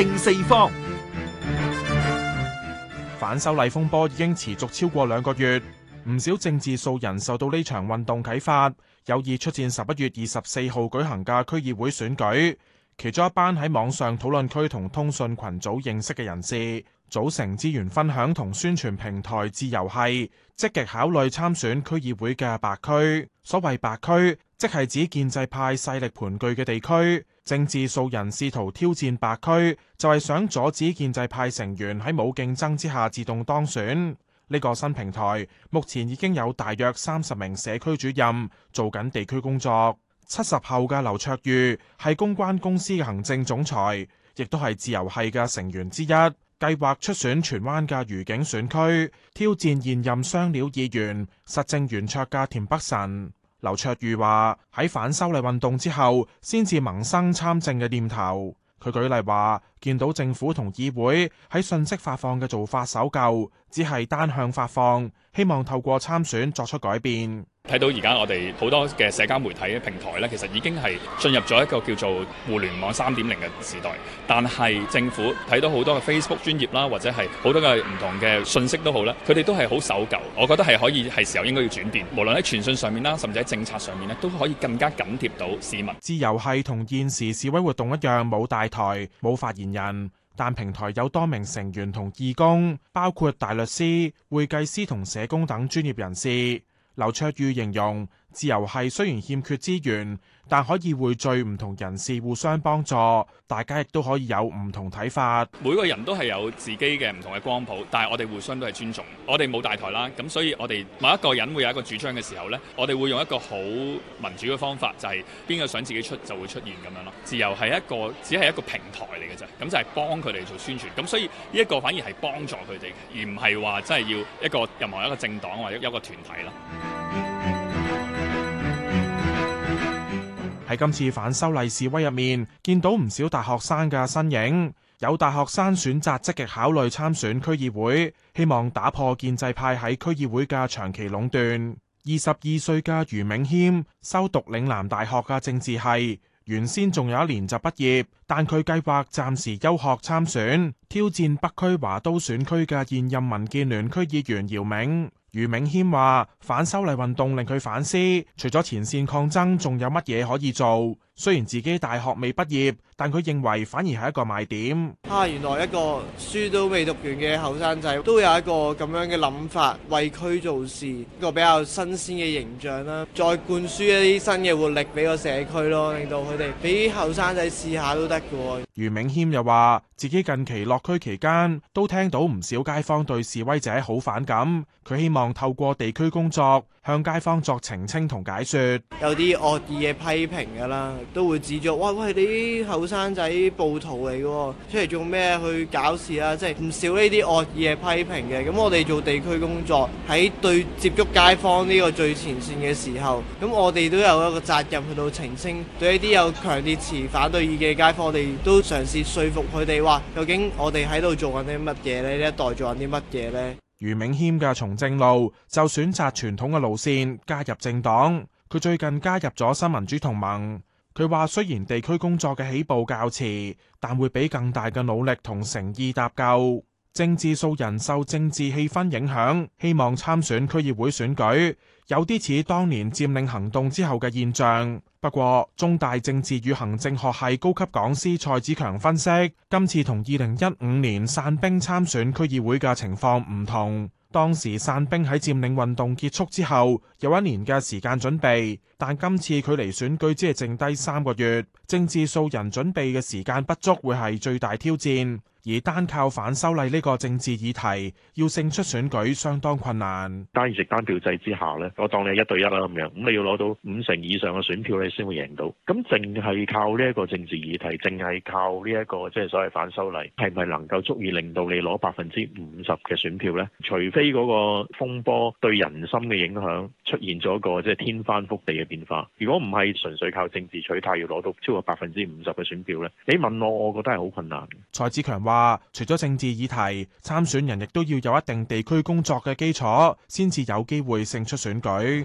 政四方反修例風波已經持續超過兩個月，唔少政治素人受到呢場運動啟發，有意出戰十一月二十四號舉行嘅區議會選舉。其中一班喺網上討論區同通訊群組認識嘅人士，組成資源分享同宣傳平台自由系，積極考慮參選區議會嘅白區。所謂白區，即係指建制派勢力盤踞嘅地區。政治素人試圖挑戰白區，就係、是、想阻止建制派成員喺冇競爭之下自動當選。呢、這個新平台目前已經有大約三十名社區主任做緊地區工作。七十後嘅劉卓裕係公關公司嘅行政總裁，亦都係自由系嘅成員之一，計劃出選荃灣嘅愉景選區，挑戰現任雙料議員、實政圓桌嘅田北辰。劉卓裕話喺反修例運動之後，先至萌生參政嘅念頭。佢舉例話，見到政府同議會喺信息發放嘅做法守舊，只係單向發放，希望透過參選作出改變。睇到而家，我哋好多嘅社交媒體平台咧，其實已經係進入咗一個叫做互聯網三點零嘅時代。但係政府睇到好多嘅 Facebook 專頁啦，或者係好多嘅唔同嘅信息都好啦，佢哋都係好守舊，我覺得係可以係時候應該要轉變，無論喺傳訊上面啦，甚至喺政策上面咧，都可以更加緊貼到市民。自由系同現時示威活動一樣，冇大台冇發言人，但平台有多名成員同義工，包括大律師、會計師同社工等專業人士。劉卓宇形容。自由系雖然欠缺資源，但可以匯聚唔同人士互相幫助，大家亦都可以有唔同睇法。每個人都係有自己嘅唔同嘅光譜，但係我哋互相都係尊重。我哋冇大台啦，咁所以我哋某一個人會有一個主張嘅時候，呢我哋會用一個好民主嘅方法，就係邊個想自己出就會出現咁樣咯。自由係一個只係一個平台嚟嘅啫，咁就係幫佢哋做宣傳。咁所以呢一個反而係幫助佢哋，而唔係話真係要一個任何一個政黨或者一個團體啦。今次反修例示威入面，見到唔少大學生嘅身影，有大學生選擇積極考慮參選區議會，希望打破建制派喺區議會嘅長期壟斷。二十二歲嘅余銘謙修讀嶺南大學嘅政治係，原先仲有一年就畢業，但佢計劃暫時休學參選，挑戰北區華都選區嘅現任民建聯區議員姚明。余銘謙話，反修例運動令佢反思，除咗前線抗爭，仲有乜嘢可以做？雖然自己大學未畢業，但佢認為反而係一個賣點。啊，原來一個書都未讀完嘅後生仔，都有一個咁樣嘅諗法，為區做事，一個比較新鮮嘅形象啦，再灌輸一啲新嘅活力俾個社區咯，令到佢哋俾後生仔試下都得㗎。余銘謙又話，自己近期落區期間都聽到唔少街坊對示威者好反感，佢希望透過地區工作向街坊作澄清同解說。有啲惡意嘅批評噶啦。都會指著哇！喂，你啲後生仔暴徒嚟嘅，出嚟做咩去搞事啊，即係唔少呢啲惡意嘅批評嘅。咁我哋做地區工作喺對接觸街坊呢個最前線嘅時候，咁我哋都有一個責任去到澄清，對呢啲有強烈持反對意嘅街坊，我哋都嘗試說服佢哋話：究竟我哋喺度做緊啲乜嘢呢？呢一代做緊啲乜嘢呢？」余銘謙嘅從政路就選擇傳統嘅路線加入政黨，佢最近加入咗新民主同盟。佢話：雖然地區工作嘅起步較遲，但會畀更大嘅努力同誠意搭救。政治素人受政治氣氛影響，希望參選區議會選舉，有啲似當年佔領行動之後嘅現象。不過，中大政治與行政學系高級講師蔡子強分析，今次同二零一五年散兵參選區議會嘅情況唔同。當時散兵喺佔領運動結束之後有一年嘅時間準備，但今次距離選舉只係剩低三個月，政治素人準備嘅時間不足會係最大挑戰。而單靠反修例呢個政治議題，要勝出選舉相當困難。單議席單票制之下呢，我當你係一對一啦，咁樣，咁你要攞到五成以上嘅選票你先會贏到。咁淨係靠呢一個政治議題，淨係靠呢一個，即係所謂反修例，係咪能夠足以令到你攞百分之五十嘅選票呢？除非嗰個風波對人心嘅影響。出現咗一個即係天翻覆地嘅變化。如果唔係純粹靠政治取態要攞到超過百分之五十嘅選票咧，你問我，我覺得係好困難嘅。蔡子強話，除咗政治議題，參選人亦都要有一定地區工作嘅基礎，先至有機會勝出選舉。